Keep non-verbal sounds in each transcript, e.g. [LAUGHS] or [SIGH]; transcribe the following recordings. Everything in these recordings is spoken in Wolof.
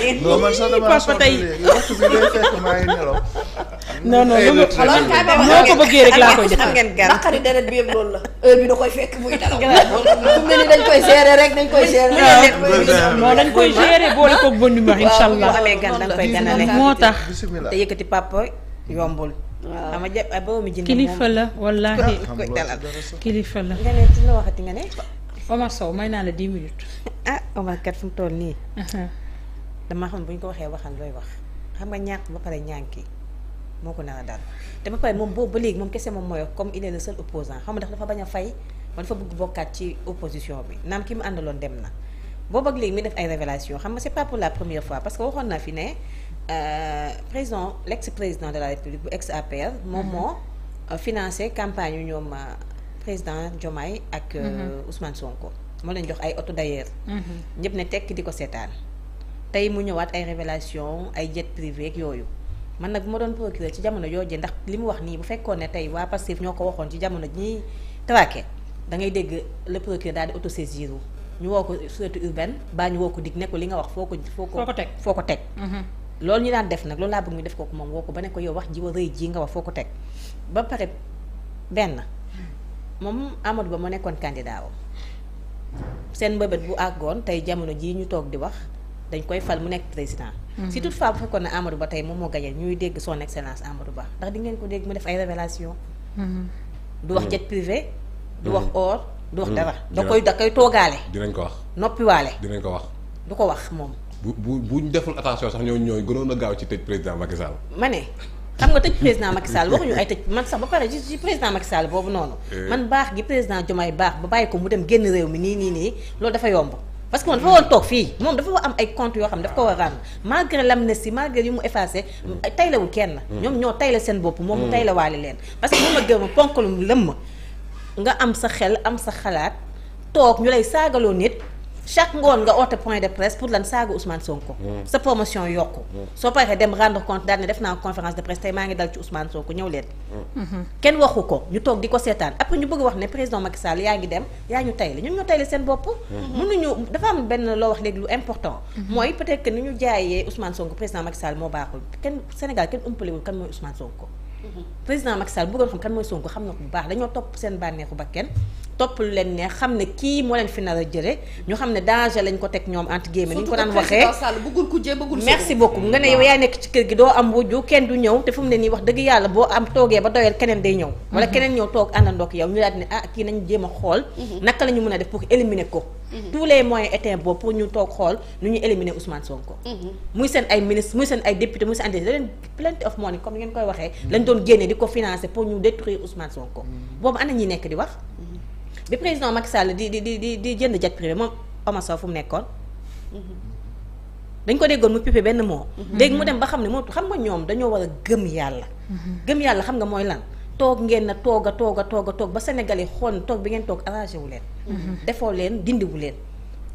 léegi. non man sax damaa soxla léegi waxtu bi day ko bëggee rek laa koy def. xam ngeen gàllankoor naqari deret bi yëpp loolu la. heure bi da koy fekk muy dara. ko bon numéro incha allah. waaw boo amee gan dañ moo tax. te yëkkati papa yombul. waaw ama jë mu jënd kilifa la wallaahi kilifa la. nga ne Omar Sow may naa la dix minutes. Omar kat fu toll nii. damaa xam ne bu ñu ko waxee waxal looy wax xam nga ñàkk ba pare ñànki moo ko nar dal te ba pare moom boobu ba léegi moom kese moom mooy comme il est le seul opposant xam nga dafa bañ a fay wala dafa bëgg bokkaat ci opposition bi naam ki mu àndaloon dem na boobu ak léegi mi def ay révélation xam nga c'est pas pour la première fois parce que waxoon naa fi ne euh, président l'ex président de la république bu ex APR moom mm-hmm. moo euh, financé campagne yu ñoom euh, président Diomaye ak mm-hmm. Ousmane Sonko moo leen jox ay oto d'ailleurs mm-hmm. ñëpp tey mu ñëwaat ay révélation ay jet privé ak yooyu man nag bu ma doon procureur ci jamono jooje ndax li mu wax nii bu fekkoon ne tey waa Pastef ñoo ko waxoon ci jamono ji ñuy traqué da dégg le procureur daal di autosaisir ñu woo ko sûreté urbaine baa woo ko dig ne ko li nga wax foo ko foo ko teg foo ko teg mhm. loolu ñu daan def nag loolu laa bëgg ñu def ko moom woo ko ba ne ko yow wax ji ji nga wax foo ko teg ba pare benn moom Amadou Ba moo nekkoon candidat wam seen mbëbët bu àggoon tey jamono jii ñu toog di wax dañ koy fal mu nekk président. Mm-hmm. si toutefois bu fekkoon ne Ba tey moom moo gagné ñuy dégg son excellence Amadou Ba ndax di ngeen ko dégg mu def ay mm-hmm. du wax mm-hmm. jet privé. du wax or du wax da koy da koy toogaale. dinañ ko wax noppiwaale. dinañ ko wax du ko wax moom. bu bu bu ñu deful attention sax ñooñu a gaaw ci tëj président xam nga tëj président Macky Sall waxuñu ay man sax ba président Macky Sall boobu noonu. Eh. man baax gi président Diomaye baax ba bàyyi ko mu dem génn réew mi nii nii nii loolu dafa yomb. parce que moom dafa waroon toog fii moom dafa am ay comptes yoo xam ne daf ko war a rendre malgré l'amnistie malgré yu mu effacé taylawul kenn ñoom ñoo tayla seen bopp moom mu tayla leen parce que moom a gërëm ponkalum lëmm nga am sa xel am sa xalaat toog ñu lay saagaloo nit chaque ngoon nga oote point de presse pour lan saaga Ousmane Sonko. Mm. sa promotion yokku. Mm. soo paree dem rendre compte daal ne def naa conférence de presse tey maa ngi dal ci Ousmane Sonko ñëw leen. Mm. Mm-hmm. kenn waxu ko ñu toog di ko seetaan après ñu bëgg wax ne président Macky Sall yaa ngi dem yaa ñu tayli ñun ñu tayli seen bopp. Mm-hmm. mënuñu dafa am benn loo wax léegi lu important. Mm-hmm. mooy peut-être ni ñu jaayee Ousmane Sonko président Macky Sall moo baaxul kenn Sénégal kenn umpalewul kan mooy Ousmane Sonko. président Macky Sall bëggoon xam kan mooy xam na ko bu baax dañoo topp seen bànneexu ba kenn topp lu leen neex xam ne kii moo leen fi nar a jëre ñu xam ne danger lañ ko teg ñoom entre guillemets ni ñu ko daan waxee bëggul ku jee bëggul merci beaucoup nga ne mm-hmm. yow yaay nekk ci kër gi doo am wujju kenn du ñëw te fu mu ne nii wax dëgg yàlla boo am toogee ba doyal keneen day ñëw wala mm-hmm. keneen ñëw toog àndandook yow ñu daal ne ah kii nañ jéem a xool mm-hmm. naka la mën a def pour éliminer ko tous les moyens étaient ñu toog xool nu ñu éliminer Ousmane Sonko muy seen ay ministre muy seen ay député muy seen ay da leen plenty of money comme ngeen di ko financer bi président Macky Sall di di di di jënd jet privé moom Omar Sow fu mu nekkoon. dañ ko déggoon mu pipe benn moo. Mhm. léegi mu dem ba xam ne moo xam nga ñoom dañoo war a gëm yàlla. Mhm. gëm yàlla xam nga mooy lan. toog ngeen na toog a toog a toog a toog ba Sénégal yi xool toog bi ngeen toog arrangé wu leen. Mhm. defoo leen dindiwu leen.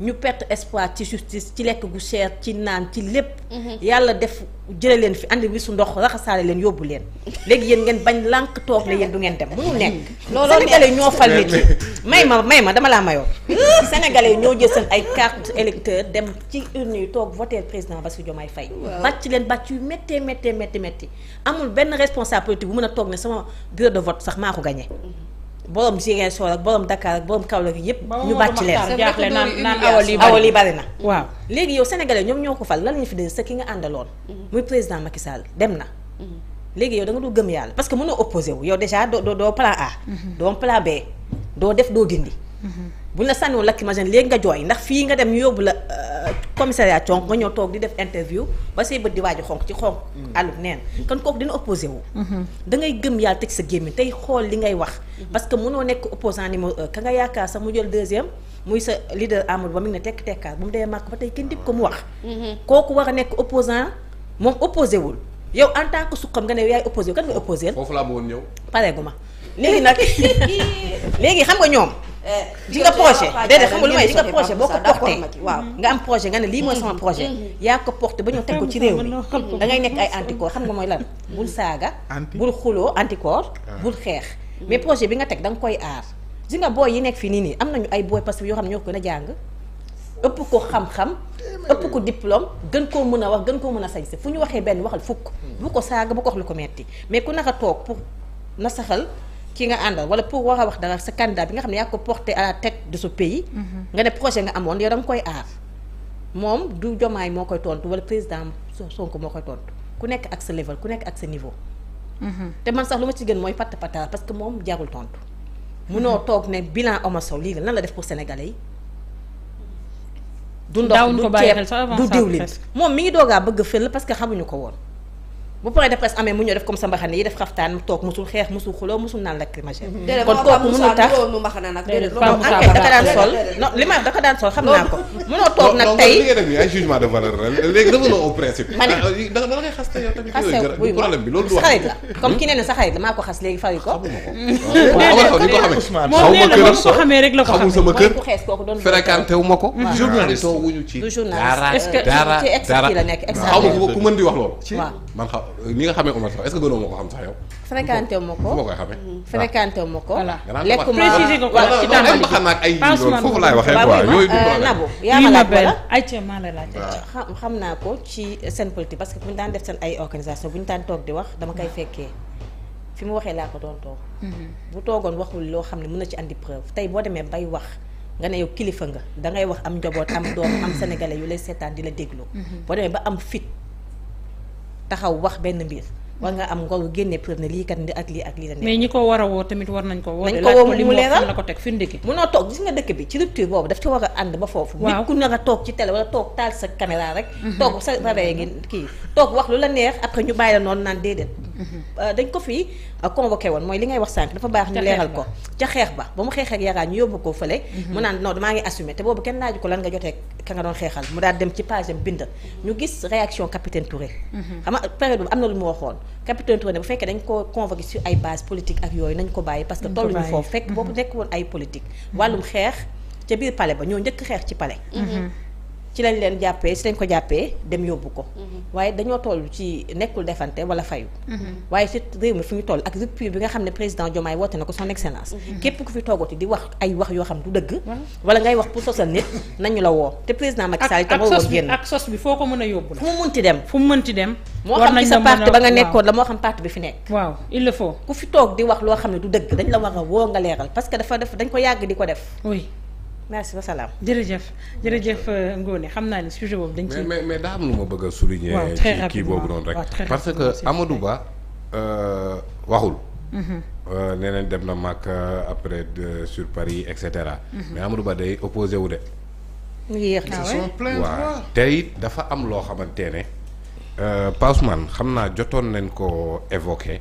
ñu perte espoir ci justice ci lekk gu cher ci naan ci lépp. Mhm. yàlla def jële leen fi bi su ndox raxasaale leen yóbbu leen léegi yéen ngeen bañ lànk toog la yéen du ngeen dem mënul nekk. [LAUGHS] looloo sénégalais ñoo fal nit [LAUGHS] may ma may ma dama laa mayoon. [LAUGHS] sénégalais yi ñoo jël seen ay carte électeur dem ci urne yi toog voté président Bassirou Diomaye Faye. bàcc leen bàcc yu méttee méttee métti métti amul benn responsable bu mën a toog ne sama bureau de vote sax maa ko gagné. Mhm. borom Ziguinchor ak borom Dakar ak borom Kaolack yëpp. ñu bàcc leen jaaxle naan awal yi bari waaw léegi yow sénégalais ñoom ñoo ko fal lan lañu fi dégg sa ki nga àndaloon. Mhm. muy président Macky dem na. Mhm. léegi yow da nga doo gëm yàlla parce que mënoo opposé wu yow déjà doo doo plan A. Mhm. doo plan B doo def doo dindi. buñ la sànniwoon lacrymogène léegi nga jooy ndax fii nga dem ñu yóbbu la commissariat conk nga ñëw toog di def interview ba say bët di waaj xonk ci xonk àllub mm. neen kon kooku dina opposé wu mm-hmm. gëm yàlla teg sa gémmiñ tey xool li ngay wax mm-hmm. parce que mënoo nekk opposant numéro euh, un ka nga yaakaar sax mu jël deuxième muy sa leader Amadou Ba ne tekk tekkaar bu mu demee màkk ba tey ko mm-hmm. war a nekk opposant moom opposé wul yow en tant que suqam nga ne yaay opposé wu kan nga opposé foofu laa bëggoon ñëw pareegu ma léegi nag [LAUGHS] léegi xam nga ñoom Eh, di nga projet déedéet xam lu may di nga boo ko porté mm-hmm. waaw nga am projet nga ne lii mooy sama mm-hmm. projet mm-hmm. yaa ko porté ba ñëw teg ko ci réew mi da nekk ay anticorps xam nga mooy lan bul saaga bul xuloo anticorps ah. bul xeex mais projet bi nga teg da nga koy aar di nga booy yi nekk fii nii nii am nañu ay booy parce que yoo xam ne ñoo ko gën a jàng ëpp ko xam-xam ëpp ko diplôme gën koo mën a wax gën koo mën a sañse fu ñu waxee benn waxal fukk mm. bu ko saaga bu ko wax ko metti mais ku naka toog pour nasaxal ki nga àndal wala pour war a wax dara sa candidat bi nga xam ne yaa ko porté à la de ce pays. Mhm. nga ne projet nga amoon yow da nga koy aar. moom du jomaay moo koy tontu wala président Sonko moo koy tontu ku nekk ak sa level ku nekk ak sa niveau. Mhm. te man sax lu ma ci gën mooy patt pattal parce que moom jarul tontu. munoo toog ne bilan Oumar Sow lii lan la def pour sénégalais yi. du ndox du ceeb du diwlin moom mi ngi doogaa bëgg fël parce que xamuñu ko woon. bu point de presse amee mu ñëw def comme sa mbaxane yi def xaftaan mu toog musul xeex musul xuloo musul naan lacrymogène kon kooku mënul tax ko mënoo toog nag tey li ngay def nii ay jugement de valeur léegi revenons au principe ma ne da nga koy xas tey yow tamit yooyu problème bi la comme ko xamee rek la ko xamul sama kër xees kooku doon fréquenté wu ma ko journaliste wuñu ci dara dara dara xaw ma ku mën di wax loolu man ni nga xamee Omar ko xam sax yow. fréquenté ma ko fu ma hmm, ma ko. ma précisé ko waaw ci tàmbali bi xam ay loolu foofu laay waxee quoi euh, yaa ma laaj wala xam naa ko ci seen politique parce que bu ñu daan def seen ay organisation bu ñu daan toog di wax dama koy fekkee fi mu waxee laa ko doon toog. Mhm. bu toogoon waxul loo xam ne mën na ci andi preuve tey boo demee bay wax. nga ne yow kilifa nga dangay wax am njoboot am doom am sénégalais yu lay seetaan di la dégloo mhm. boo demee ba am fit taxaw wax benn mbir. war nga am ngor génne preuve ne lii kat ak lii ak lii la nekk. mais ñi ko war a woo tamit war nañ ko woo. nañ li mu leeral la ko teg fi mu dëkk. munoo toog gis nga dëkk bi ci rupture boobu daf ci war a ànd ba foofu. waaw nit ku nar a toog ci télé wala toog taal sa caméra rek. Mhm. toog sa rajo yi kii toog wax lu la neex après ñu bàyyi la noonu naan déedéet Euh, dañ ko fi euh, convoqué woon mooy li ngay wax sànq dafa baax ñu leeral ko ca xeex ba ba mu xeex ak yaraa ñu yóbbu ko fële mhm. mu naan non maa ngi assumé te boobu kenn laaju ko lan nga jotee ka nga doon xeexal mu daal dem ci page am bind ñu gis réaction capitaine Touré mhm. xam nga période fekkee dañ ko convoqué sur ay base politique ak yooyu nañ ko bàyyi parce que tolluñu foofu fekk mhm. boobu nekk woon ay politique wàllum xeex ca biir pale ba ñoo njëkk xeex ci palais ci lañ leen jàppee ci lañ ko jàppee dem yóbbu ko. Mhm. waaye dañoo toll ci nekkul defante wala fayu. Mhm. waaye ci réew mi fi ñu toll ak rupture bi nga xam ne président Diomaye woote na ko son excellence. Mhm. képp ku fi toogati di wax ay wax yoo xam du dëgg. wala ngay wax pour sosal nit nañu la woo te président Macky Sall itam waroo génn sos bi foo ko mën a yóbbu la fu mu munti dem fu mu munti dem. moo xam ci sa parti nga nekkoon la moo xam parti bi fi nekk. ku fi toog di wax loo xam ne du dëgg dañ la war a woo nga leeral parce que dafa def dañ ko yàgg di ko def. oui merci ba jërëjëf jërëjëf euh, Ngone xam naa ne sujet boobu dañ ci mais mais daa am lu ma bëgg a souligner. ci kii boobu noonu rek parce que Amadou Ba euh, waxul. Mhm. Euh, nee nañ dem na mag après sur Paris et cetera. Mhm. mais Amadou Ba day opposé wu de. mu ah dafa am loo xamante ne. Pausman xam naa jotoon nañ ko évoqué.